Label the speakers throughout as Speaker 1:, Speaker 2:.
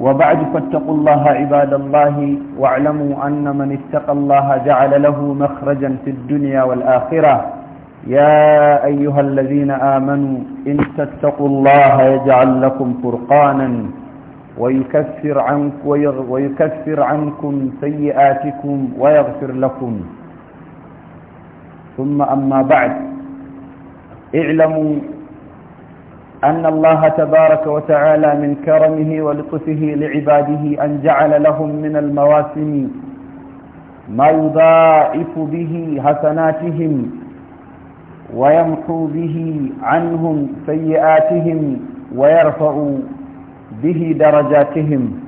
Speaker 1: وبعد فاتقوا الله عباد الله واعلموا أن من اتقى الله جعل له مخرجا في الدنيا والآخرة يا أيها الذين آمنوا إن تتقوا الله يجعل لكم فرقانا ويكفر, عنك ويكفر عنكم سيئاتكم ويغفر لكم ثم أما بعد اعلموا أن الله تبارك وتعالى من كرمه ولطفه لعباده أن جعل لهم من المواسم ما يضاعف به حسناتهم ويمحو به عنهم سيئاتهم ويرفع به درجاتهم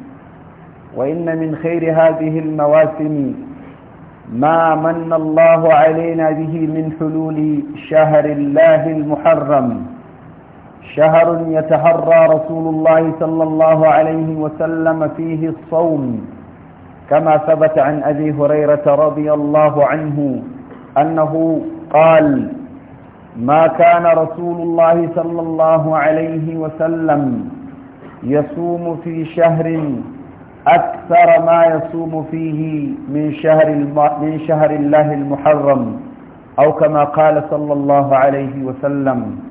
Speaker 1: وإن من خير هذه المواسم ما من الله علينا به من حلول شهر الله المحرم شهر يتهرى رسول الله صلى الله عليه وسلم فيه الصوم كما ثبت عن أبي هريرة رضي الله عنه أنه قال ما كان رسول الله صلى الله عليه وسلم يصوم في شهر أكثر ما يصوم فيه من شهر من شهر الله المحرم أو كما قال صلى الله عليه وسلم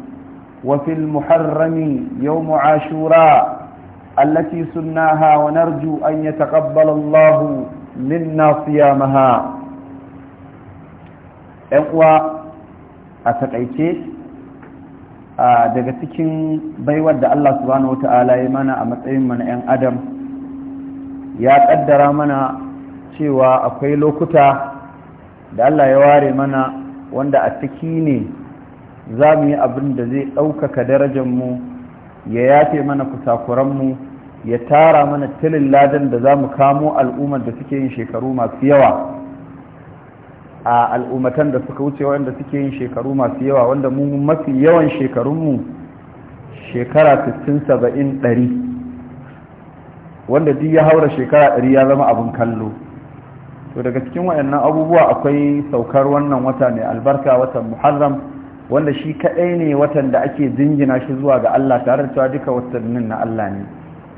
Speaker 1: وفي المحرم يوم عاشوراء التي سناها ونرجو أن يتقبل الله منا صيامها اقوى أتقيتي daga cikin baiwar da Allah subhanahu wata'ala ya mana a matsayin mana 'yan adam ya kaddara mana cewa akwai lokuta da Allah ya ware mana wanda a ciki ne za mu yi abin da zai ɗaukaka darajarmu ya yafe mana kusakuranmu ya tara mana tilin ladan da za mu kamo al'ummar da suke yin shekaru masu yawa a al'ummatan da suka wuce wanda suke yin shekaru masu yawa wanda mu mafi yawan shekarunmu shekara 60-70 wanda duk ya haura shekara 100 ya zama abin kallo to daga cikin waɗannan abubuwa akwai saukar wannan wata ne albarka watan muharram wanda shi kaɗai ne watan da ake jingina shi zuwa ga Allah tare da duka watannin na Allah ne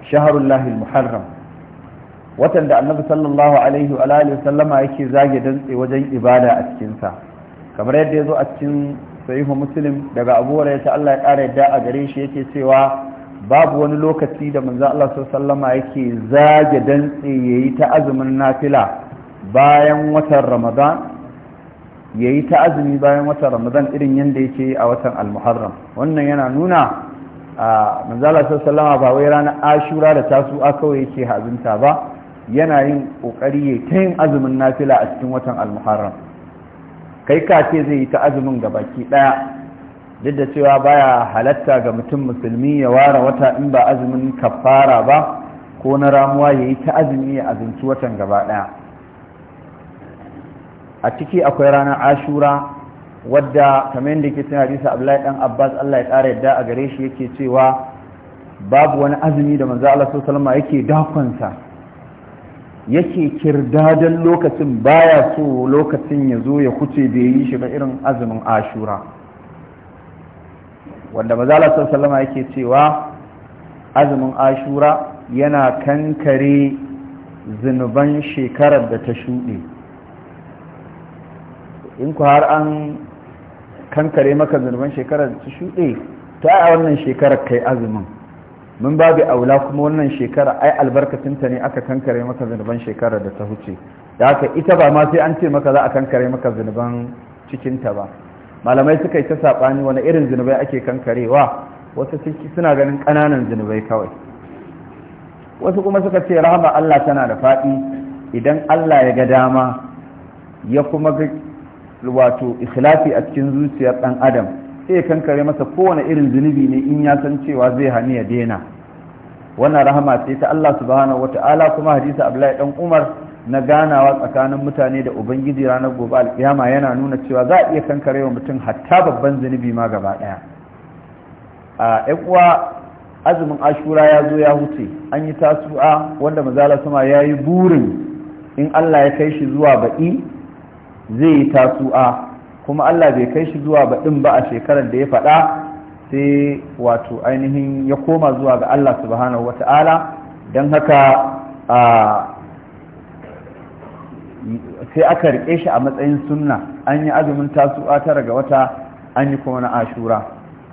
Speaker 1: shaharullahi muharram watan da annabi sallallahu alaihi wa alihi sallama yake zage dantse wajen ibada a cikin sa kamar yadda yazo a cikin sahihu muslim daga abu hurairah Allah ya kara yadda a gare shi yake cewa babu wani lokaci da manzo Allah sallama yake zage dantse yayi ta azumin nafila bayan watan ramadan ya yi ta azumi bayan watan ramadan irin yadda yake a watan almuharram wannan yana nuna a manzala sallama ba wai ranar ashura da tasu a kawai yake hazinta ba yana yin kokari ya ta yin azumin nafila a cikin watan almuharram kai ka ce zai yi ta azumin ga baki daya duk da cewa baya halatta ga mutum musulmi ya ware wata in ba azumin kafara ba ko na ramuwa ya yi ta azumi ya azumci watan gaba daya a ciki akwai ranar ashura wadda kamar yadda ke tana hadisa abdullahi dan abbas allah ya ƙara yadda a gare shi yake cewa babu wani azumi da manzo allah yake dakonsa yake kirdadan lokacin baya so lokacin ya zo ya kuce bai yi shi ba irin azumin ashura wanda manzo allah yake cewa azumin ashura yana kankare zinuban shekarar da ta shuɗe in ku har an kankare maka zunuban shekarar su shuɗe ta a wannan shekarar kai azumin mun babu aula kuma wannan shekara ai albarkacinta ne aka kankare maka zunuban shekarar da ta huce da haka ita ba ma sai an ce maka za a kankare maka zunuban cikinta ba malamai suka yi ta saɓani wani irin zunubai ake kankarewa wasu suna ganin ƙananan zunubai kawai wasu kuma suka ce rahama Allah tana da faɗi idan Allah ya ga dama ya kuma wato ikhlafi a cikin zuciyar ɗan adam sai ya kankare masa kowane irin zunubi ne in ya san cewa zai hani ya daina wannan rahama ce ta Allah subhanahu wata'ala kuma hadisi Abdullahi dan Umar na ganawa tsakanin mutane da ubangiji ranar gobe alkiyama yana nuna cewa za a iya kankare wa mutum hatta babban zunubi ma gaba daya a yan uwa azumin ashura ya zo ya huce an yi tasu'a wanda mazala sama ya yi burin in Allah ya kai shi zuwa baƙi zai yi tasu'a kuma Allah bai kai shi zuwa baɗin ba a shekarar da ya faɗa sai wato ainihin ya koma zuwa ga Allah subhanahu wata'ala don haka sai aka riƙe shi a matsayin sunna an yi azumin tasu'a tara ga wata an yi kuma na ashura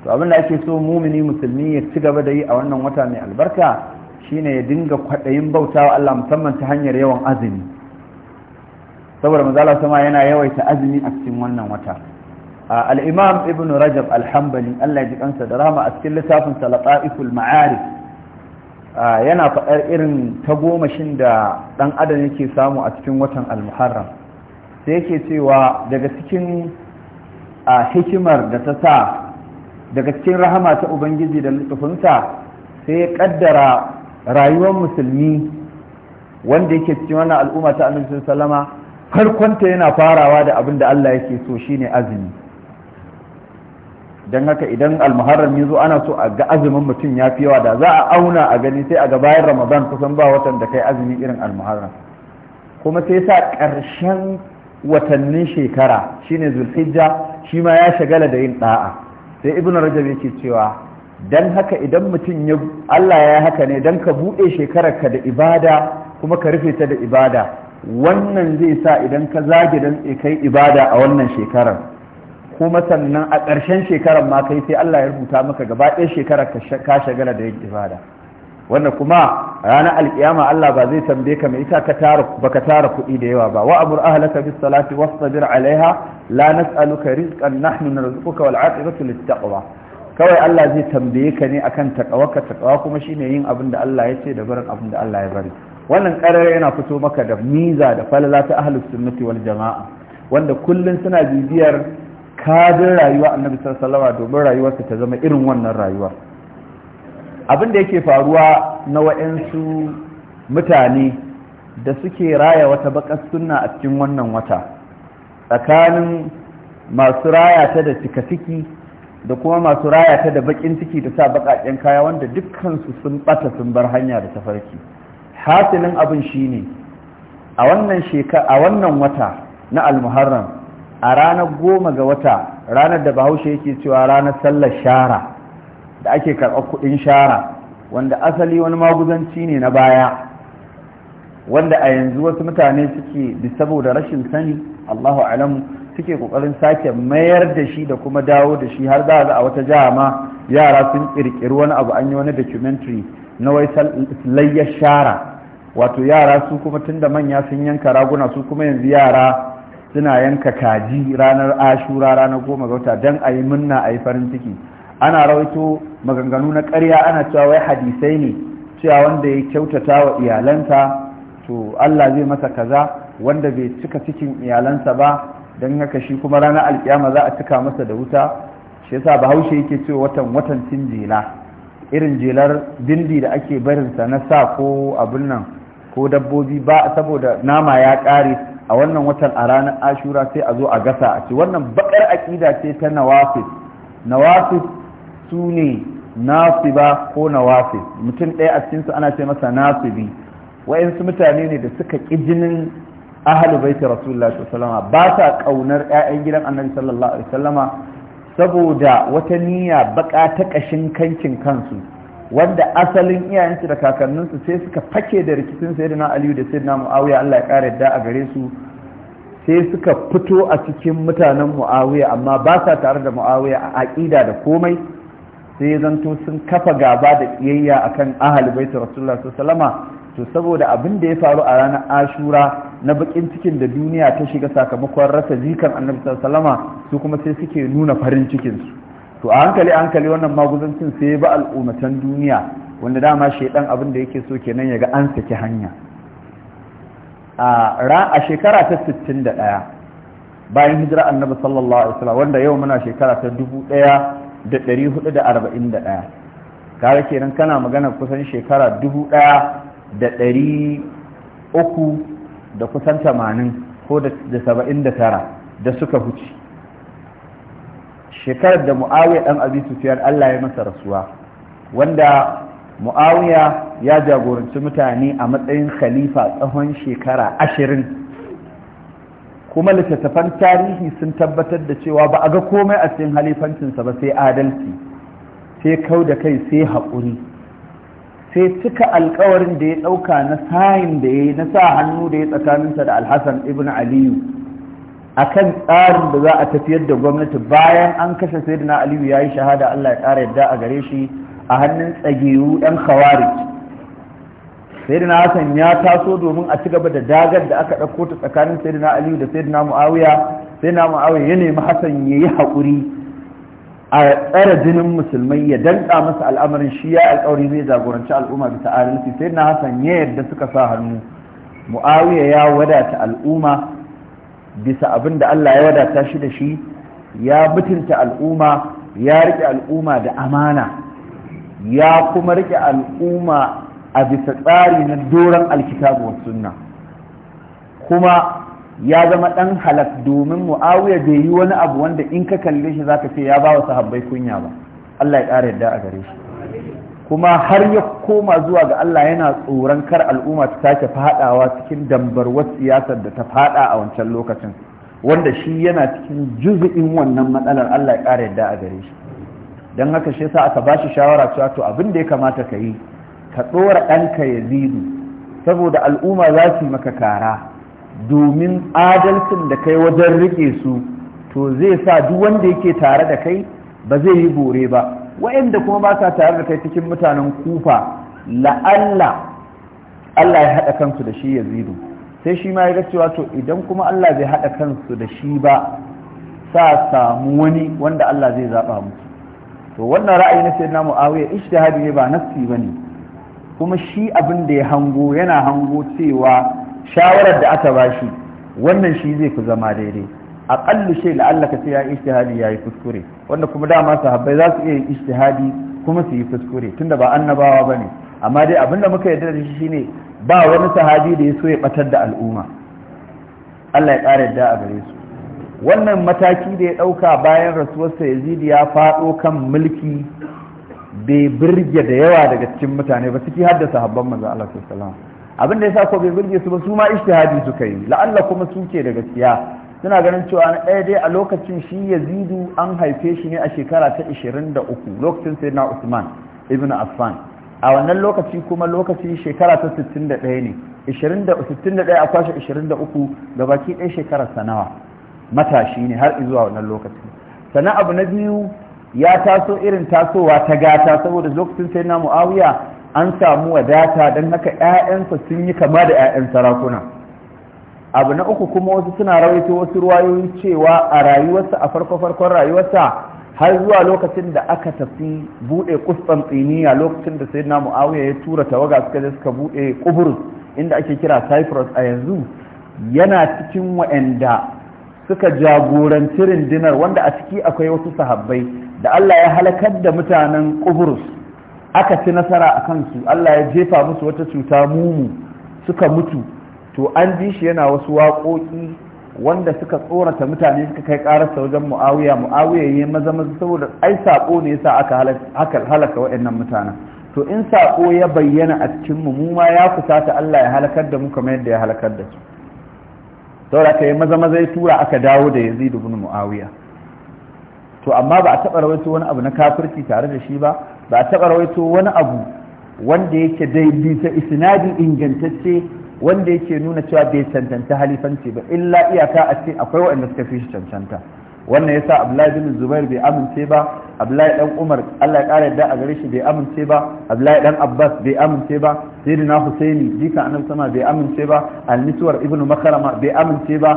Speaker 1: to abin da ake so mumini musulmi ya ci gaba da yi a wannan wata mai albarka shine ya dinga kwaɗayin bautawa Allah musamman ta hanyar yawan azumi saboda manzala sama yana yawaita azumi a cikin wannan wata al-imam ibn rajab Alhambali, Allah ya ji kansa da rahama a cikin littafin salata'iful ma'arif yana faɗar irin ta goma gomashin da ɗan adam yake samu a cikin watan al-muharram sai yake cewa daga cikin hikimar da ta sa daga cikin rahama ta ubangiji da lutufinsa sai ya kaddara rayuwar musulmi wanda yake cikin wannan al'umma ta annabi sallama farkonta yana farawa da abin da Allah yake so shine azumi don haka idan almuharram ya ana so a ga azumin mutum ya fi yawa da za a auna a gani sai a ga bayan ramadan kusan ba watan da kai azumi irin almuharram kuma sai sa ƙarshen watannin shekara shine zulhijja shi ma ya shagala da yin ɗa'a. sai Ibn rajab yake cewa dan haka idan mutum ya Allah ya haka ne dan ka buɗe shekarar ka da ibada kuma ka rufe ta da ibada wannan zai sa idan ka zage dan kai ibada a wannan shekarar kuma sannan a ƙarshen shekarar ma kai sai Allah ya rubuta maka gaba ɗaya shekarar ka shagala da yin ibada wanda kuma ranar alkiyama Allah ba zai tambaye ka mai ita ka tara baka tara kuɗi da yawa ba wa amur ahlaka bis salati wasbir alaiha la nas'aluka rizqan nahnu narzuquka wal aqibatu lit taqwa kawai Allah zai tambaye ka ne akan takawa ka takawa kuma shine yin abin da Allah ya ce da barin abin da Allah ya bari wannan karar yana fito maka da miza da falala ta ahlus sunnati wal jama'a wanda kullun suna bibiyar kadin rayuwa annabi sallallahu alaihi domin rayuwarsa ta zama irin wannan rayuwa abin da yake faruwa na wa'ansu mutane da suke raya wata bakar sunna a cikin wannan wata tsakanin masu raya ta da cikaciki da kuma masu raya ta da bakin ciki da sa bakaken kaya wanda dukkansu sun bata sun bar hanya da tafarki hasilin abin shine a wannan a wannan wata na almuharram a ranar goma ga wata ranar da bahaushe yake cewa ranar sallar shara da ake karɓar kuɗin shara wanda asali wani maguzanci ne na baya wanda a yanzu wasu mutane suke bi saboda rashin sani allahu alamu suke ƙoƙarin sake mayar da shi da kuma dawo da shi har za a wata jiha ma yara sun ƙirƙiri wani abu an yi wani documentary na wai layyar shara wato yara su kuma tun da manya sun yanka raguna su kuma yanzu yara suna yanka kaji ranar ashura ranar goma ga wata don a yi munna a yi farin ciki ana rawaito maganganu na karya ana cewa wai hadisai ne cewa wanda ya kyautata wa iyalanta to allah zai masa kaza wanda bai cika cikin iyalansa ba don haka shi kuma ranar alkiyama za a cika masa da wuta shi yasa bahaushe yake cewa watan watan cin jela irin jelar bindi da ake barinsa na sa ko abin nan ko dabbobi ba saboda nama ya ƙare a wannan watan a ranar ashura sai a zo a gasa a ce wannan bakar aƙida ce ta nawafis nawafis su ne nasiba ko nawafis mutum ɗaya a cikinsu ana ce masa nasibi wa'yansu mutane ne da suka ƙi jinin ahalu baiti rasulullah sallallahu ba ta ƙaunar 'ya'yan gidan annabi sallallahu alaihi saboda wata niyya baƙa ta ƙashin kankin kansu wanda asalin iyayensu da kakanninsu sai suka fake da rikicin sayyidina aliyu da sayyidina muawiya Allah ya kare da a gare su sai suka fito a cikin mutanen muawiya amma ba sa tare da muawiya a aƙida da komai sai zanto sun kafa gaba da a akan ahli baitul rasulullah sallallahu to saboda abin da ya faru a ranar ashura na bakin cikin da duniya ta shiga sakamakon rasa jikan annabi sallallahu alaihi su kuma sai suke nuna farin cikinsu. to a hankali a hankali wannan maguzancin sai ya ba al'ummatan duniya wanda dama shaidan abin da yake so kenan ya ga an saki hanya a shekara ta 61 bayan hijira annabi sallallahu alaihi wasallam wanda yau muna shekara ta 1441 kare kenan kana magana kusan shekara 1300 da kusan 80 ko da 79 da suka huce shekarar da mu'awiya ɗan abi sufyan Allah ya masa rasuwa wanda mu'awiya ya jagoranci mutane a matsayin khalifa tsawon shekara ashirin kuma littattafan tarihi sun tabbatar da cewa ba a ga komai a cikin halifancinsa ba sai adalci sai kau da kai sai haƙuri sai cika alkawarin da ya ɗauka na sayin da ya yi na sa hannu da ya tsakaninsa da alhassan ibn aliyu akan tsarin da za a tafiyar da gwamnati bayan an kashe na aliyu ya yi shahada allah ya ƙara yadda a gare shi a hannun tsagewu yan khawarij na hassan ya taso domin a ci gaba da dagar da aka ɗauko ta tsakanin na aliyu da na muawiya na muawiya ya nemi hasan ya yi haƙuri a tsara jinin musulmai ya danka masa al'amarin shi ya alƙawari zai jagoranci al'umma bisa adalci na hasan ya yadda suka sa hannu muawiya ya wadata al'umma bisa abin da Allah ya wadata shi da shi ya mutunta al'umma ya rike al'umma da amana ya kuma rike al'umma a bisa tsari na doron alkitabu wa sunna kuma ya zama ɗan halak domin mu'awiya bai yi wani abu wanda in ka kalle shi za ka ce ya ba wa sahabbai kunya ba Allah ya ƙara yadda a gare shi kuma har ya koma zuwa ga Allah yana tsoron kar al'umma ta sake fadawa cikin dambarwar siyasar da ta fada a wancan lokacin wanda shi yana cikin juzu'in wannan matsalar Allah ya ƙara yadda a gare shi don haka shi sa aka bashi shawara cewa to abin da ya kamata ka yi ka tsora ɗanka ya zidu saboda al'umma za su maka kara domin adalcin da kai wajen riƙe su to zai sa duk wanda yake tare da kai ba zai yi bore ba wa'inda kuma ba sa tare da kai cikin mutanen kufa la'alla Allah ya haɗa kansu da shi ya yazidu sai shi ma ya ga cewa to idan kuma Allah bai haɗa kansu da shi ba sa samu wani wanda Allah zai zaɓa musu to wannan ra'ayi na sayyidina Muawiya ijtihadi ne ba nafsi bane kuma shi abin da ya hango yana hango cewa shawarar da aka bashi wannan shi zai fi zama daidai aqallu shay la'allaka sai ya istihadi ya yi kuskure wanda kuma dama sahabbai za su iya istihadi kuma su yi kuskure tunda ba annabawa ne amma dai abin da muka yarda da shi ne ba wani sahabi da ya so ya batar da al'umma Allah ya ƙara yadda a gare su wannan mataki da ya ɗauka bayan rasuwarsa yazid ya faɗo kan mulki bai birge da yawa daga cikin mutane ba ciki har da sahabban manzo Allah sallallahu alaihi wasallam abin da yasa ko bai birge su ba su ma ishtihadi suka yi la'alla kuma suke daga gaskiya suna ganin cewa na ɗaya dai a lokacin shi yazidu an haife shi ne a shekara ta 23 lokacin sai na usman ibn affan a wannan lokaci kuma lokaci shekara ta 61 ne 61 a kwashe 23 gabaki ɗaya shekara sanawa matashi ne har izuwa wannan lokacin sana abu na biyu ya taso irin tasowa ta gata saboda lokacin sai na mu'awiya an samu wadata don haka 'ya'yansa sun yi kama da 'ya'yan sarakuna abu na uku kuma wasu suna rawaito wasu ruwayoyi cewa a rayuwarsa a farko-farkon rayuwarsa har zuwa lokacin da aka tafi bude kusan tsiniya lokacin da sai na mu'awiya ya tura tawaga suka je suka bude kuburus inda ake kira cyprus a yanzu yana cikin wa'anda suka jagoranci rundunar wanda a ciki akwai wasu sahabbai da allah ya halakar da mutanen kuburus aka ci nasara a kansu allah ya jefa musu wata cuta mumu suka mutu to an ji shi yana wasu waƙoƙi wanda suka tsorata mutane suka kai ƙararsa wajen mu'awiya mu'awiya ya yi maza maza saboda ai saƙo ne yasa aka halaka waɗannan mutanen to in saƙo ya bayyana a cikin mu mu ma ya kusata Allah ya halakar da mu kamar yadda ya halakar da su saboda kai maza maza ya tura aka dawo da Yazid ibn Muawiya to amma ba a taɓa rawaito wani abu na kafirci tare da shi ba ba a taɓa rawaito wani abu wanda yake dai bisa isnadi ingantacce wanda yake nuna cewa bai cancanta halifanci ba illa iyaka a ce akwai waɗanda suka fi shi cancanta wannan yasa Abdullahi bin Zubair bai amince ba Abdullahi dan Umar Allah ya kare yadda a gare shi bai amince ba Abdullahi dan Abbas bai amince ba Sayyidina Husaini jika annabi sama bai amince ba al ibn Makarama bai amince ba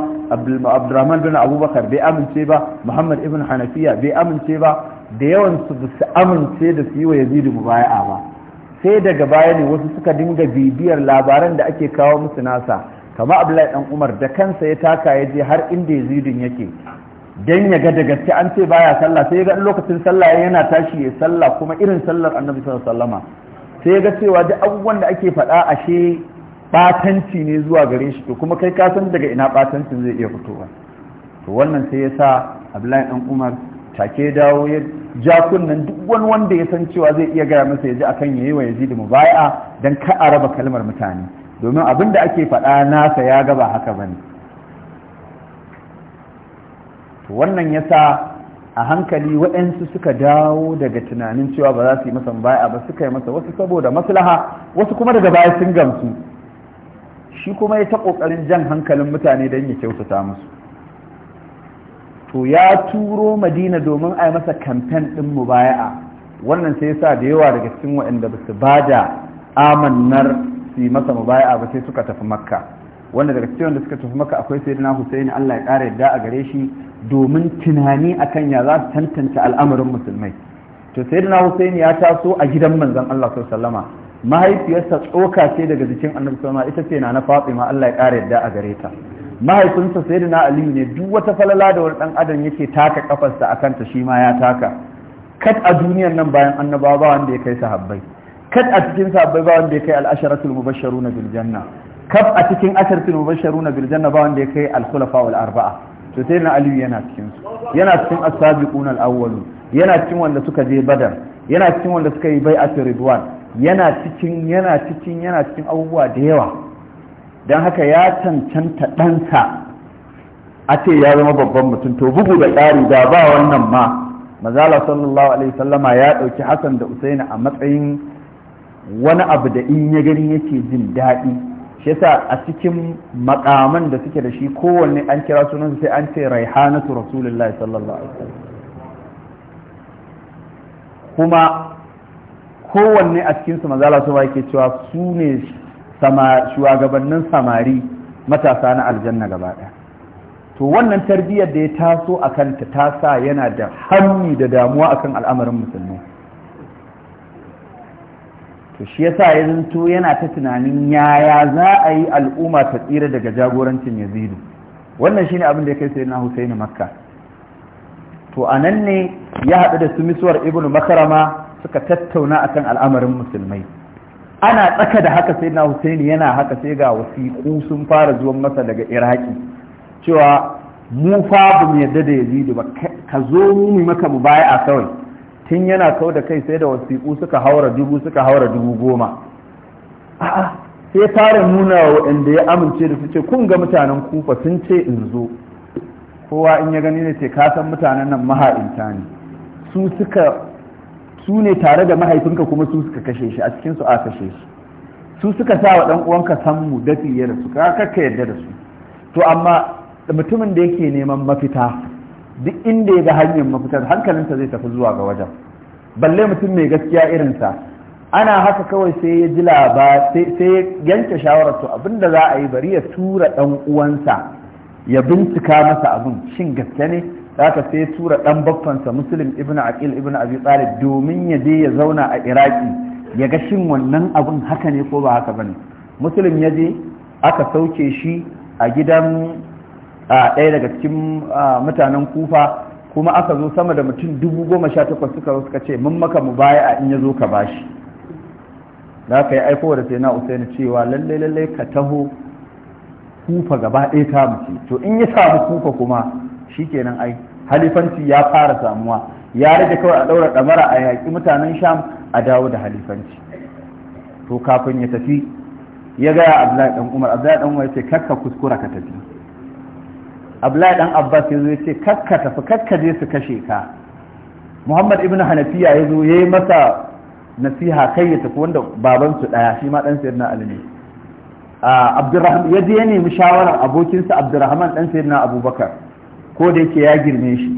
Speaker 1: Abdurrahman bin Abubakar bai amince ba Muhammad ibn Hanafiya bai amince ba da yawan su su amince da su yi wa Yazid mubaya'a ba sai daga baya ne wasu suka dinga bibiyar labaran da ake kawo musu nasa kama abdullahi dan umar da kansa ya taka ya je har inda yazidin yake dan ya ga daga gaske an ce baya sallah sai ya ga lokacin sallah yana tashi ya sallah kuma irin sallar annabi sallallahu alaihi wasallam sai ya ga cewa duk abubuwan da ake faɗa ashe batanci ne zuwa gare shi to kuma kai ka san daga ina batancin zai iya fitowa to wannan sai ya sa abdullahi dan umar take dawo ya jakunan duk wani wanda ya san cewa zai iya gaya masa ya ji akan yayi wa yazidi mubai'a dan ka a raba kalmar mutane domin abin da ake faɗa nasa ya gaba haka bane to wannan yasa a hankali waɗansu suka dawo daga tunanin cewa ba za su yi masa mubai'a ba suka yi masa wasu saboda maslaha wasu kuma daga baya sun gamsu shi kuma ya ta ƙoƙarin jan hankalin mutane dan ya kyautata musu to ya turo madina domin a yi masa kamfen ɗin mu mubaya'a wannan sai yasa da yawa daga cikin waɗanda ba su ba da amannar su yi masa mu baya'a ba sai suka tafi makka wanda daga cikin wanda suka tafi makka akwai sai na husaini allah ya ƙara yadda a gare shi domin tunani akan ya za su tantance al'amarin musulmai to sai na husaini ya taso a gidan manzon allah sallama mahaifiyarsa tsoka ce daga jikin annabi sallama ita ce na na fatima allah ya ƙara yadda a gare ta mahaifinsa na aliyu ne duk wata falala da wani dan adam yake taka kafarsa a kanta shi ma ya taka kat a duniyar nan bayan annabawa ba wanda ya kai sahabbai kat a cikin sahabbai ba wanda ya kai al-asharatul mubashsharuna bil janna kaf a cikin asharatul mubashsharuna bil janna ba wanda ya kai al-khulafa wal arba'a to na aliyu yana cikin su yana cikin as-sabiqun al-awwalun yana cikin wanda suka je badar yana cikin wanda suka yi bai'atul ridwan yana cikin yana cikin yana cikin abubuwa da yawa don haka ya cancanta ɗansa a ce ya zama babban mutum to bugu da ƙari da ba wannan ma mazala sallallahu alaihi sallama ya ɗauki hassan da usaini a matsayin wani abu da in ya gani yake jin daɗi shi yasa a cikin makaman da suke da shi kowanne an kira sunansa sai an ce raihanatu rasulullahi sallallahu alaihi kuma kowanne a cikinsu mazala su ba yake cewa su ne shugabannin samari matasa na aljanna gaba ɗaya to wannan tarbiyyar da ya taso a kanta ta sa yana da hannu da damuwa akan al'amarin musulmi to shi ya sa ya zinto yana ta tunanin yaya za a yi al'umma ta tsira daga jagorancin yazidu wannan shine abin da ya kai sayyidina husaini makka to a nan ne ya haɗu da su misuwar ibnu makarama suka tattauna akan al'amarin musulmai ana tsaka da haka sai na husaini yana haka sai ga wasiƙu sun fara zuwan masa daga iraki cewa mu fa bu mu yadda da yazidu ba ka zo mu maka mu baya a kawai tun yana kau da kai sai da wasiƙu suka haura dubu suka haura dubu goma a'a sai fara nuna wa waɗanda ya amince da su ce kun ga mutanen kufa sun ce in zo kowa in ya gani ne ce ka san mutanen nan maha'inta ne su suka su ne tare da mahaifinka kuma su suka kashe shi a cikin su a kashe shi su suka sa wa dan uwanka da fiye da su ka kakka yarda da su to amma mutumin da yake neman mafita duk inda ya ga hanyar mafitar hankalinsa zai tafi zuwa ga wajen balle mutum mai gaskiya irin sa ana haka kawai sai ya ji laba sai ya yanke shawarar to abinda za a yi bari ya tura dan uwansa ya bincika masa abin shin gaske ne haka sai tura dan baffansa muslim ibn aqil ibn abi talib domin ya je ya zauna a iraki ya ga shin wannan abun haka ne ko ba haka bane muslim ya je aka sauke shi a gidan ɗaya daga cikin mutanen kufa kuma aka zo sama da mutum dubu goma sha takwas suka zo suka ce mun maka mu baya a in ya zo ka bashi da aka yi aiko da sai na usaini cewa lallai lallai ka taho kufa gaba ɗaya ta mutu to in ya samu kufa kuma shikenan ai halifanci ya fara samuwa ya rage kawai a ɗaura ɗamara a yaƙi mutanen sham a dawo da halifanci to kafin ya tafi ya gaya abdullahi dan umar abdullahi dan umar ya ce kakka kuskura ka tafi abdullahi dan abbas ya zo ya ce kakka tafi kakka je su kashe ka muhammad ibn hanafiya ya zo ya yi masa nasiha kai ya tafi wanda babansu ɗaya shi ma ɗan sayar na alimi ah, abdurrahman ya je ya nemi shawarar abokinsa abdurrahman ɗan sayar na abubakar ko da yake ya girme shi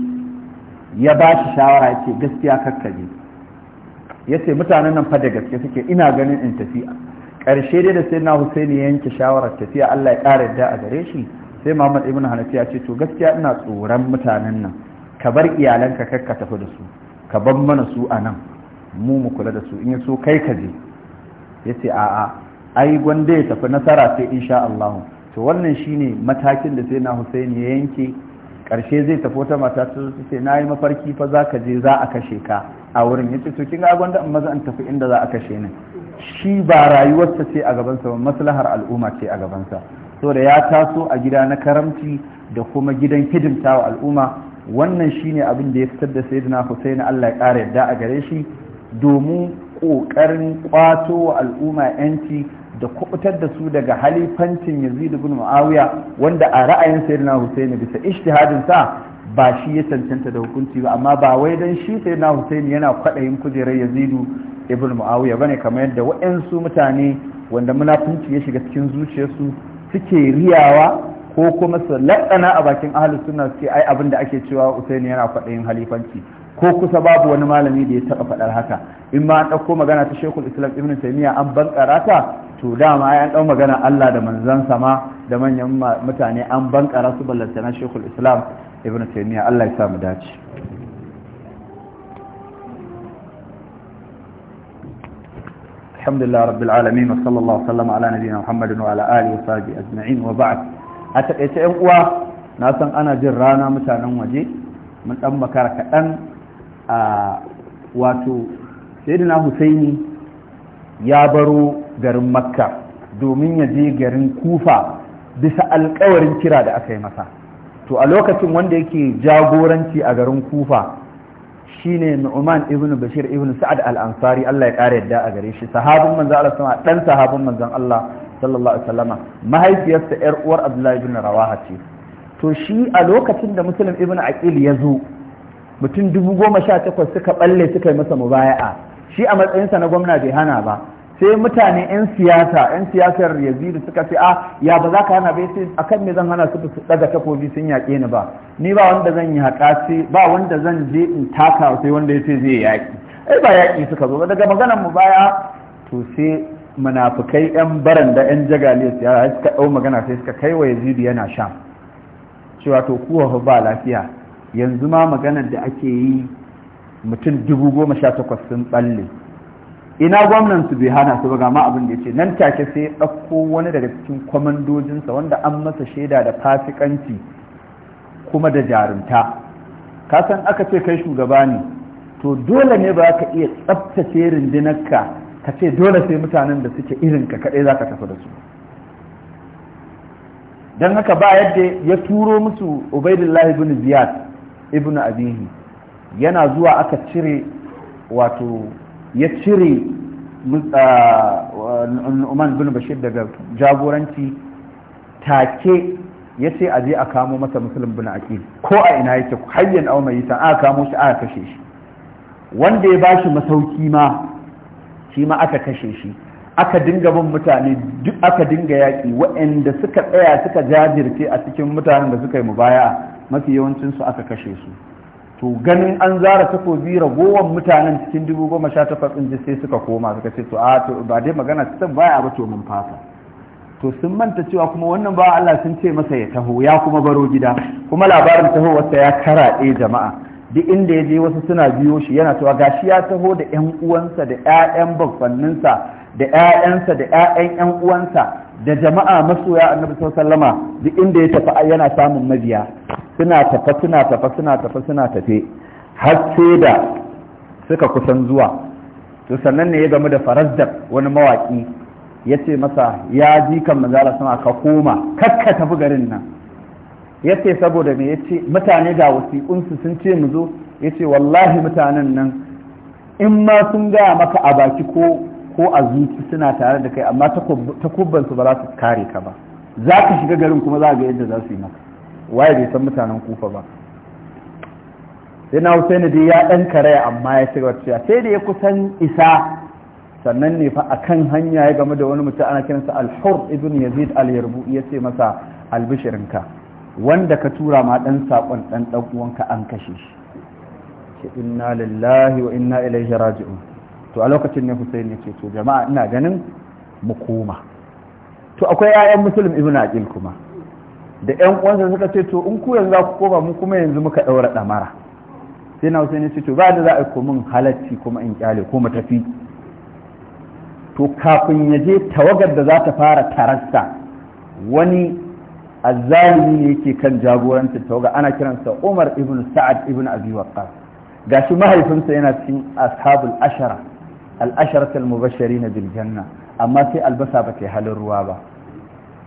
Speaker 1: ya ba shi shawara ya ce gaskiya kakkaje ya ce mutanen nan fa da gaske suke ina ganin in tafi ƙarshe dai da sai na husaini ya yanke shawarar tafiya allah ya ƙara yadda a gare shi sai muhammad ibn hanafi ya ce to gaskiya ina tsoron mutanen nan ka bar iyalanka kakka tafi da su ka bar mana su a nan mu mu kula da su in yaso so kai ka je ya ce a'a ai gwanda ya tafi nasara sai insha allahu to wannan shine matakin da sai na husaini ya yanke karshe zai tafi wata mata ta zo ce na yi mafarki fa za ka je za a kashe ka a wurin ya ce to kin ga gwanda in maza an tafi inda za a kashe ni shi ba rayuwarsa ce a gabansa ba maslahar al'umma ce a gabansa da ya taso a gida na karamci da kuma gidan hidimta wa al'umma wannan shine abin da ya fitar da sayyidina husain Allah ya kara yadda a gare shi domin kokarin kwato wa al'umma yanci da kubutar da su daga halifancin yazid ibn muawiya wanda a ra'ayin sayyidina husaini bisa ijtihadin sa ba shi ya cancanta da hukunci ba amma ba wai dan shi sayyidina husaini yana kwadayin kujerar yazid ibn muawiya bane kamar yadda waɗansu mutane wanda munafunci ya shiga cikin zuciyarsu suke riyawa ko kuma su laɗana a bakin ahlus sunna suke ai abin da ake cewa husaini yana kwadayin halifanci ko kusa babu wani malami da ya taɓa faɗar haka in ma an ɗauko magana ta shekul islam ibn taimiyya an bankara ta to dama ya ɗau magana allah da manzan sama da manyan mutane an bankara su ballantana shekul islam ibn taimiyya allah ya samu dace الحمد لله رب العالمين وصلى الله وسلم على نبينا محمد وعلى اله وصحبه اجمعين وبعد a takaice yan uwa na san ana jin rana mutanen waje mun dan makara kaɗan a wato sayyidina husaini ya baro garin makka domin ya je garin kufa bisa alkawarin kira da aka yi masa to a lokacin wanda yake jagoranci a garin kufa shine Nu'man ibn Bashir ibn Sa'ad al-Ansari Allah ya kare yadda a gare shi sahabin manzon Allah sama dan sahabin manzon Allah sallallahu alaihi wasallama mahaifiyarsa yar uwar Abdullahi ibn Rawaha ce to shi a lokacin da Muslim ibn Aqil ya zo mutum dubu goma sha takwas suka balle suka yi masa mubaya'a shi a matsayinsa na gwamna bai hana ba sai mutane 'yan siyasa 'yan siyasar yazidu suka ce a ah, ya ba za ka hana ba sai a kan me zan hana su su daga takobi sun yaƙe ni ba ni ba wanda zan yi haƙa sai ba wanda zan je in taka sai wanda ya ce zai yaƙi ai ba yaƙi suka zo ba daga maganar mu baya to sai munafukai 'yan baranda 'yan jagaliya siyasa suka ɗau magana sai suka kai wa yazidu yana sha cewa to kuwa ba lafiya yanzu ma maganar da ake yi mutum dubu goma sha takwas sun balle ina gwamnan su bai hana su ba ga ma abin da ya ce nan take sai ɗauko wani daga cikin kwamandojinsa wanda an masa shaida da fasikanci kuma da jarumta ka san aka ce kai shugaba ne to dole ne ba ka iya tsabtace rundunarka ka ce dole sai mutanen da suke irin ka kaɗai za ka tafi da su don haka ba yadda ya turo musu ubaidullahi bin ziyad ibn abihi yana zuwa aka cire wato ya cire uh, Nu'man bin Bashir daga jagoranci take ya ce a je a kamo masa musulun bin aqil ko a ina yake hayyan aw mai ta aka kamo shi aka kashe shi wanda ya bashi masauki ma shi ma aka kashe shi aka dinga bin mutane duk aka dinga yaƙi waɗanda suka tsaya suka jajirce a cikin mutanen da suka yi mubaya mafi yawancinsu aka kashe su to ganin an zara takobi ragowar mutanen cikin dubu goma sha takwas ɗin sai suka koma suka ce to a to ba dai magana ta san baya ba to mun fasa to sun manta cewa kuma wannan ba Allah sun ce masa ya taho ya kuma baro gida kuma labarin taho wasa ya karaɗe jama'a duk inda ya je wasu suna biyo shi yana cewa gashi ya taho da ƴan uwansa da ƴaƴan babbanninsa da ƴaƴansa da ƴaƴan 'yan uwansa da jama'a masoya annabi sallama duk inda ya tafi yana samun mabiya suna tafa suna tafa suna tafa suna tafe
Speaker 2: har sai da
Speaker 1: suka kusan zuwa to sannan ne ya gamu da farazdar wani mawaki ya ce masa ya ji kan manzala sama ka koma kakka tafi garin nan ya ce saboda me ya ce mutane ga wasiƙunsu sun ce mu zo ya ce wallahi mutanen nan in ma sun gaya maka a baki ko ko a zuci suna tare da kai amma ta su ba za su kare ka ba za ka shiga garin kuma za ga yadda za su yi maka waye bai san mutanen kufa ba sai na Hussein dai ya dan karaya amma ya shiga cewa sai da ya kusan isa sannan ne fa akan hanya ya game da wani mutum ana kiransa alhur ibn Yazid al-Yarbu ya ce masa albishirinka wanda ka tura ma dan sakon dan dan uwanka an kashe shi inna lillahi wa inna ilaihi raji'un to a lokacin ne Hussein ya ce to jama'a ina ganin mu koma to akwai 'ya'yan musulun ibn aqil kuma da 'yan uwansa suka ce to in ku yanzu za ku koma mu kuma yanzu muka daura damara sai na Hussein ya ce to ba da za a ko mun halacci kuma in kyale ko mu tafi to kafin ya je tawagar da za ta fara tarasta wani azzalimi ne yake kan jagorancin tawaga ana kiransa Umar ibn Sa'ad ibn Abi Waqqas gashi mahaifinsa yana cikin ashabul ashara al'asharatul mubashirina bil janna amma sai albasa ba ta halin ruwa ba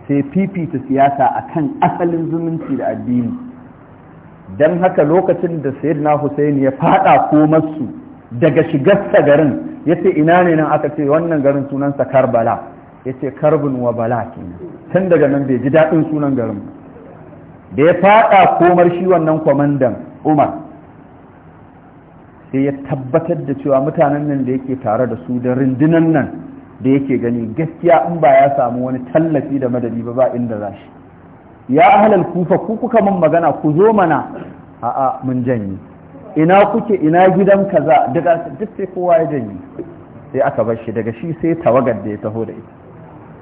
Speaker 1: sai fifita siyasa akan asalin zumunci da addini don haka lokacin da sayyidina Hussein ya fada komarsu daga shigarsa garin ya ce ina ne nan aka ce wannan garin sunansa karbala ya ce karbin wa bala kenan tun daga nan bai ji daɗin sunan garin da ya fada komar shi wannan kwamandan umar sai ya tabbatar da cewa mutanen nan da yake tare da su da rundunan nan da yake gani gaskiya in ba ya samu wani tallafi da madadi ba ba inda za shi ya ahlal kufa ku kuka min magana ku zo mana a'a mun janye ina kuke ina gidan kaza daga duk sai kowa ya janye sai aka bar shi daga shi sai tawagar da ya taho da ita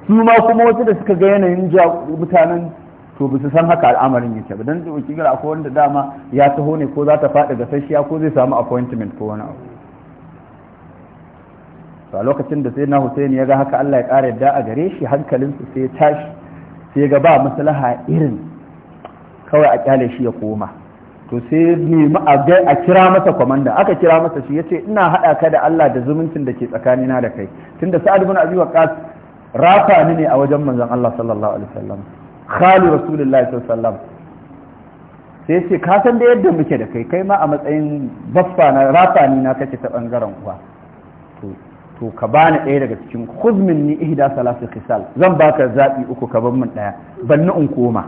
Speaker 1: su ma kuma wasu da suka ga yanayin mutanen to ba san haka al'amarin yake ba don da kigar akwai wanda dama ya taho ne ko za ta faɗi ga sashiya ko zai samu appointment ko wani abu a lokacin da sai na Hussein ya ga haka Allah ya ƙara yadda a gare shi hankalinsu sai ya tashi sai ga ba maslaha irin kawai a kyale shi ya koma to sai nemi a kira masa kwamanda aka kira masa shi yace ina haɗa ka da Allah da zumuncin da ke tsakani na da kai tunda Sa'ad bin Abi waqas rafa ni ne a wajen manzon Allah sallallahu alaihi wasallam khalu rasulullahi sallallahu sai ce ka san da yadda muke da kai kai ma a matsayin baffa na rafani na kake ta bangaren uwa to ka bani ɗaya daga cikin khuzmin ni ihda salasu khisal zan baka zabi uku ka bar min ɗaya banni in koma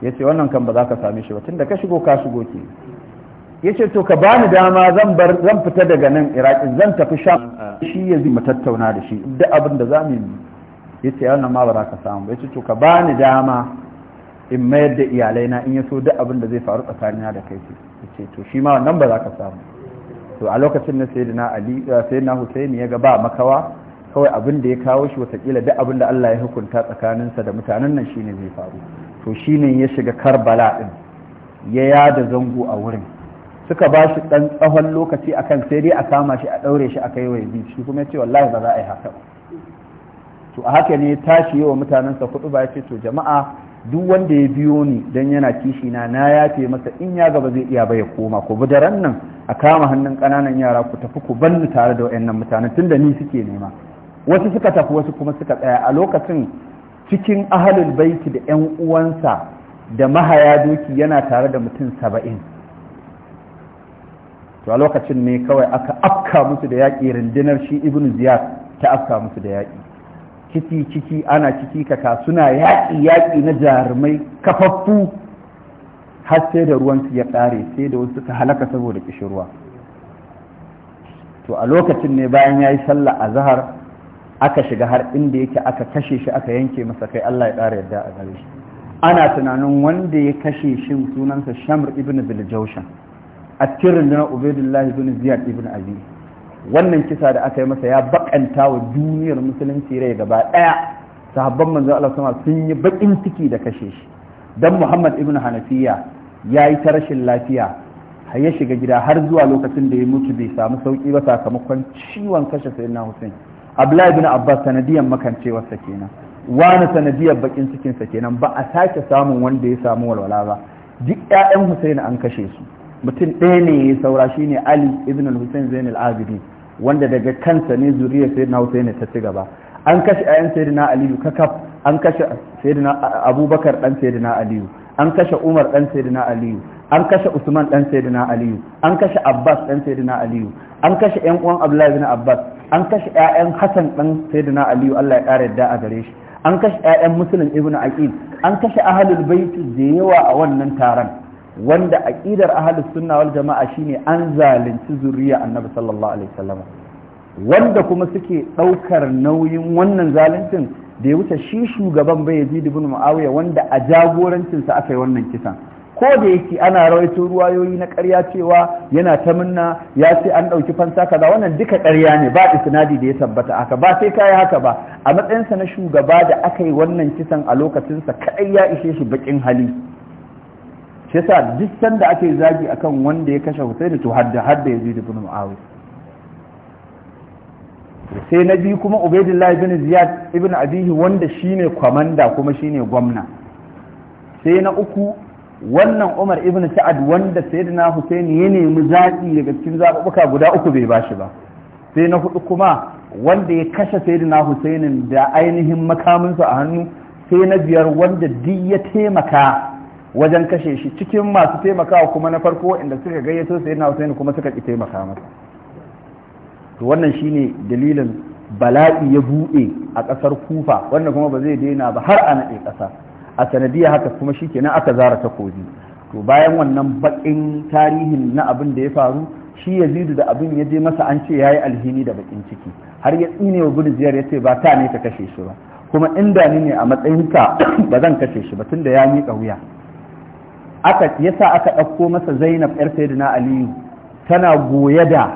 Speaker 1: yace wannan kan ba za ka same shi ba tunda ka shigo ka shigo ke yace to ka bani dama zan bar zan fita daga nan iraki zan tafi sham shi ya mu tattauna da shi duk abin da za mu yi ya ce wannan ma ba za ka samu ba ce to ka bani dama in mayar da iyalai na in ya so duk abin da zai faru tsakanina da kai yace to shi ma wannan ba za ka samu to a lokacin na na ali eh, sai na husaini ya ga ba makawa kawai abin da ya kawo shi watakila duk abin da Allah ya hukunta tsakanin sa da mutanen nan shine zai faru to shine ya shiga Karbala din ya yada zango a wurin suka ba shi ɗan tsawon lokaci akan sai dai a kama shi a ɗaure shi a kai wa yabi shi kuma ya ce wallahi ba za a yi haka ba to a haka ne tashi wa mutanensa kudu ba ya ce to jama'a duk wanda ya biyo ni don yana kishi na na yafe masa in ya gaba zai iya bai koma ku budaran nan a kama hannun ƙananan yara ku tafi ku banni tare da wayannan mutanen tunda ni suke nema wasu suka tafi wasu kuma suka tsaya a lokacin cikin ahalin baiti da yan uwansa da mahaya doki yana tare da mutum saba'in to a lokacin ne kawai aka afka musu da yaƙi rundunar shi ibnu ziyar ta afka musu da yaƙi ciki ciki ana ciki kaka suna yaƙi yaƙi na jarumai kafaffu har sai da ruwansu ya ƙare sai da wasu ka halaka saboda kishirwa to a lokacin ne bayan ya yi sallah a zahar aka shiga har inda yake aka kashe shi aka yanke masa kai Allah ya ƙara yadda a gare shi ana tunanin wanda ya kashe shi sunansa shamr ibn biljaushan a cikin na ubaidullahi bin ziyad ibn abi wannan kisa da aka yi masa ya bakanta wa duniyar musulunci rai gaba daya sahabban manzon Allah sama sun yi bakin ciki da kashe shi dan Muhammad ibn Hanafiya yi ta rashin lafiya ya shiga gida har zuwa lokacin da ya mutu bai samu sauki ba sakamakon ciwon kashe sayyidina Hussein Abdullahi ibn Abbas sanadiyar makancewar sa kenan wani sanadiyar bakin cikinsa kenan ba a sake samun wanda ya samu walwala ba duk ƴaƴan Hussein an kashe su mutum ɗaya ne ya saura shi ne ali ibn al hussein zain al-abidi wanda daga kansa ne zuriyar sayyidina husayn ta ci gaba an kashe ayan sayyidina aliyu kakaf an kashe sayyidina abubakar dan sayyidina aliyu an kashe umar dan sayyidina aliyu an kashe usman dan sayyidina aliyu an kashe abbas dan sayyidina aliyu an kashe yan uwan abdullahi bin abbas an kashe ƴaƴan hasan dan sayyidina aliyu Allah ya ƙara yadda a gare shi an kashe ƴaƴan muslim ibn aqil an kashe ahlul bait da yawa a wannan taron wanda aqidar ahlus sunna wal jama'a shine an zalunci zuriya annabi sallallahu alaihi wasallam wanda kuma suke ɗaukar nauyin wannan zaluncin da ya wuce shi shugaban bai yazid ibn muawiya wanda a jagorancin sa aka yi wannan kisan ko da yake ana rawaito ruwayoyi na ƙarya cewa yana ta minna ya ce an ɗauki fansa kaza wannan duka ƙarya ne ba isnadi da ya tabbata haka ba sai kai haka ba a matsayinsa na shugaba da aka yi wannan kisan a lokacinsa kaɗai ya ishe shi baƙin hali shi yasa duk sanda ake zagi akan wanda ya kashe Husaini to hadda hadda Yazid ibn Muawiya sai na biyu kuma Ubaidillah ibn Ziyad ibn Abihi wanda shine kwamanda kuma shine gwamna sai na uku wannan Umar ibn Sa'ad wanda Sayyidina Husaini ya nemi zaɓi daga cikin zaɓuɓɓuka guda uku bai bashi ba sai na hudu kuma wanda ya kashe Sayyidina Husainin da ainihin makaminsa a hannu sai na biyar wanda duk ya taimaka wajen kashe shi cikin masu taimakawa kuma na farko inda suka gayyato sai na Hussein kuma suka ki taimaka masa to wannan shine dalilin bala'i ya buɗe a ƙasar Kufa wannan kuma ba zai daina ba har a naɗe ƙasa a sanadiyar haka kuma shi shikenan aka zara takobi to bayan wannan baƙin tarihin na abin da ya faru shi Yazidu da abin ya je masa an ce ya yi alhini da bakin ciki har ya tsine wa gudu ziyar ya ce ba ta ne ka kashe shi ba kuma inda ni ne a matsayinka ba zan kashe shi ba tunda ya miƙa wuya aka yasa aka ɗauko masa zainab yar sayyidina aliyu tana goye da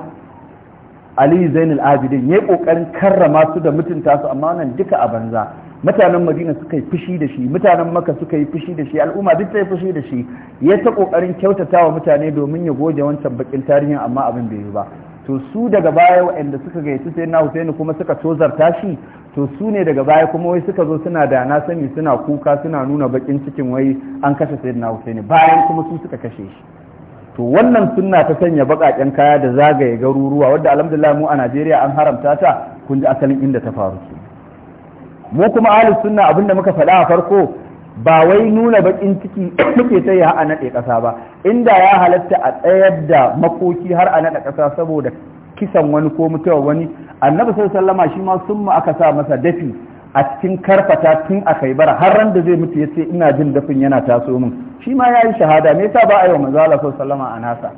Speaker 1: aliyu zainul abidin ya kokarin karrama su da mutunta su amma nan duka a banza mutanen madina suka yi fushi da shi mutanen maka suka yi fushi da shi al'umma duk ta yi fushi da shi ya ta ƙoƙarin kyautata wa mutane domin ya goge wancan bakin tarihin amma abin bai yi ba to su daga baya waɗanda suka gaisu sai na Hussein kuma suka tozarta shi to su ne daga baya kuma wai suka zo suna da na sani suna kuka suna nuna bakin cikin wai an kashe wuce ne bayan kuma su suka kashe shi to wannan sunna ta sanya bakaken kaya da zagaye garuruwa wadda alhamdulillah mu a Najeriya an haramta ta kun ji asalin inda ta faru mu kuma ahlus sunna da muka faɗa a farko ba wai nuna bakin ciki muke ta yi a naɗe ƙasa ba inda ya halatta a tsayar da makoki har a naɗa ƙasa saboda kisan wani ko mutuwa wani annabi sai sallama shi ma sun aka sa masa dafi a cikin karfata tun a kai bara har ran da zai mutu ya ce ina jin dafin yana taso min shi ma ya yi shahada me yasa ba a yi wa manzala sau sallama a nasa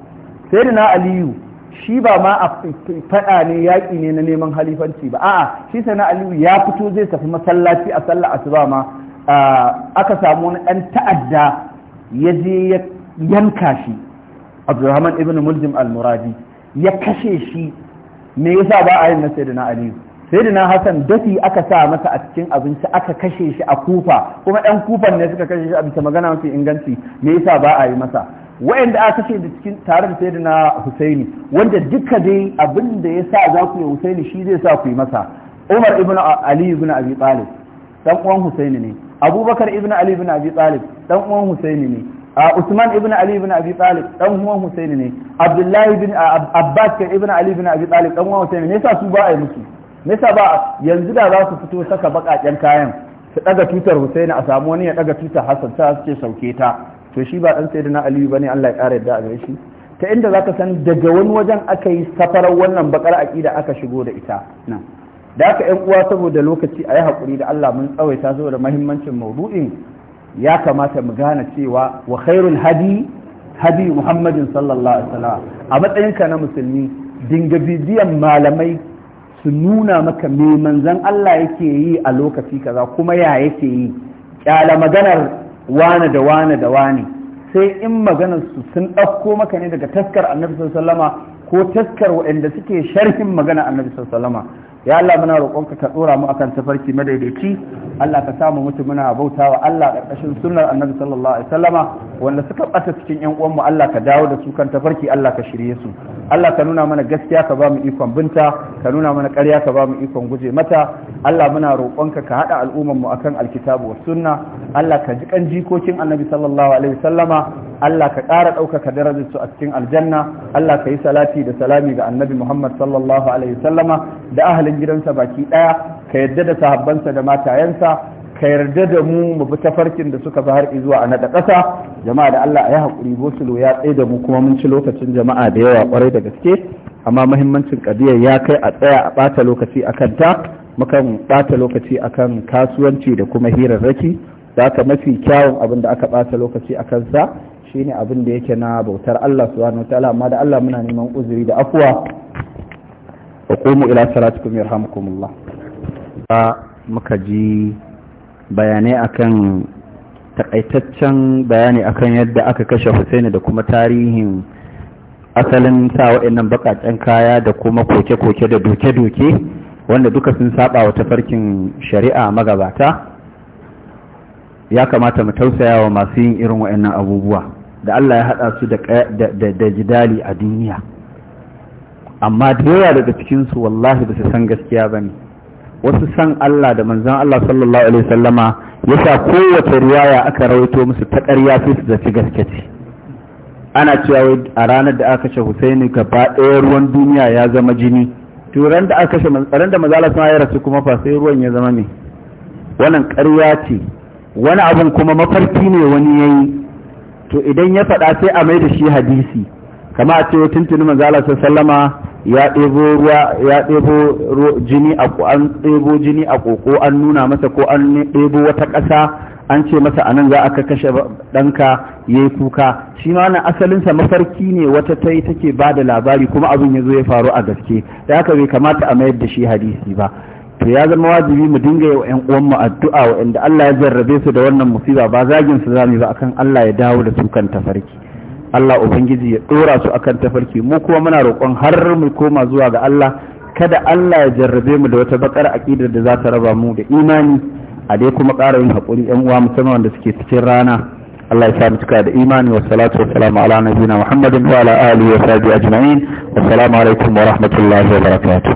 Speaker 1: sai da na aliyu shi ba ma a faɗa ne yaƙi ne na neman halifanci ba a'a shi sai na aliyu ya fito zai tafi masallaci a sallah asuba ma aka samu wani ɗan ta'adda ya je yanka shi abdulrahman ibn muljim al-muradi ya kashe shi me yasa ba a yin na sayyidina ali sayyidina hasan dafi aka sa masa a cikin abinci aka kashe shi a kufa kuma ɗan kufan ne suka kashe shi a bisa magana mafi inganci me yasa ba a yi masa wa'anda aka kashe da cikin tare da sayyidina husaini wanda duka dai abin da ya sa za ku yi husaini shi zai sa ku yi masa umar ibn ali ibn abi talib dan uwan husaini ne abubakar ibn ali ibn abi talib dan uwan husaini ne Usman ibn Ali ibn Abi Talib dan uwan Husaini ne Abdullahi ibn Abbas kan ibn Ali ibn Abi Talib dan uwan Husaini ne yasa su ba a yi musu me yasa ba yanzu da za su fito saka bakaken kayan su daga tutar Husaini a samu wani ya daga tutar Hassan ta su ce sauke ta to shi ba dan sayyidina Ali bane Allah ya kare yadda a shi ta inda zaka san daga wani wajen aka yi safarar wannan bakar aqida aka shigo da ita nan da aka ƴan uwa saboda lokaci a yi haƙuri da Allah mun tsawaita saboda mahimmancin maudu'in ya kamata mu gane cewa wa khairul hadi hadi muhammadin sallallahu alaihi wasallam a matsayinka na musulmi dinga bibiyan malamai su nuna maka me manzon Allah yake yi a lokaci kaza kuma ya yake yi kyala maganar wane da wane da wane sai in maganar su sun ɗauko maka ne daga taskar annabi wasallama ko taskar waɗanda suke sharhin magana annabi wasallama ya Allah muna roƙonka ka tsora mu akan tafarki madaidaici Allah ka samu mutu muna bautawa Allah ƙarƙashin sunnar Annabi sallallahu alaihi wasallama wanda suka bata cikin ƴan uwanmu Allah ka dawo da su kan tafarki Allah ka shirye su Allah ka nuna mana gaskiya ka ba mu ikon binta ka nuna mana ƙarya ka ba mu ikon guje mata Allah muna roƙonka ka haɗa al'umman mu akan alkitabu was sunna Allah ka ji kan jikokin Annabi sallallahu alaihi wasallama Allah ka ƙara ɗaukaka darajar su a cikin aljanna Allah ka yi salati da salami ga Annabi Muhammad sallallahu alaihi wasallama da ahlin iyalan gidansa baki ɗaya ka yarda da sahabbansa da matayensa ka yarda da mu mu bi tafarkin da suka fi har zuwa a naɗa ƙasa jama'a da Allah a yi haƙuri bosulo ya tsaye da mu kuma mun ci lokacin jama'a da yawa ƙwarai da gaske amma muhimmancin ƙadiyar ya kai a tsaya a ɓata lokaci akan ta mukan ɓata lokaci akan kasuwanci da kuma hirarraki za ka mafi kyawun abin da aka ɓata lokaci a kansa shine abin da yake na bautar Allah subhanahu wa ta'ala amma da Allah muna neman uzuri da afuwa wa ila salatukum yarhamukumullah muka ji bayanai akan takaitaccen bayani akan yadda aka kashe Husaini da kuma tarihin asalin sa waɗannan bakaken kaya da kuma koke-koke da doke-doke wanda duka sun saba wa tafarkin shari'a magabata ya kamata mu tausaya wa masu yin irin waɗannan abubuwa da Allah ya haɗa su da jidali a duniya amma da yawa daga cikinsu wallahi ba su san gaskiya ba ne wasu san Allah da manzan Allah sallallahu alaihi sallama ya sa kowace riwaya aka rawaito musu ta ƙarya sai su zaci gaske ce ana cewa a ranar da aka kashe Husaini gaba ɗaya ruwan duniya ya zama jini turan da aka kashe ran da manzala sama ya rasu kuma fa sai ruwan ya zama ne wannan ƙarya ce wani abun kuma mafarki ne wani yayi to idan ya faɗa sai a mai da shi hadisi kama ce tuntun manzala sun sallama ya ɗebo ruwa ya ɗebo jini a an ɗebo jini a koko an nuna masa ko an ɗebo wata ƙasa an ce masa anan za a kashe ɗanka ya yi kuka shi ma asalinsa mafarki ne wata ta yi take ba da labari kuma abin ya zo ya faru a gaske da haka bai kamata a mayar da shi hadisi ba to ya zama wajibi mu dinga yi wa ƴan mu addu'a inda Allah ya jarrabe su da wannan musiba ba zagin su zamu ba akan Allah ya dawo da su kan tafarki Allah ubangiji ya ɗora su akan tafarki mu kuma muna roƙon har mu koma zuwa ga Allah kada Allah ya jarrabe mu da wata bakar aqidar da za ta raba mu da imani a dai kuma ƙara yin haƙuri ƴan uwa musamman wanda suke cikin rana Allah ya sa mu da imani wa salatu wa salamu ala nabiyina Muhammadin wa ala alihi wa sahbihi ajma'in wa assalamu alaikum wa rahmatullahi wa barakatuh